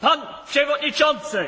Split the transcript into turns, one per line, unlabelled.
Pan Przewodniczący!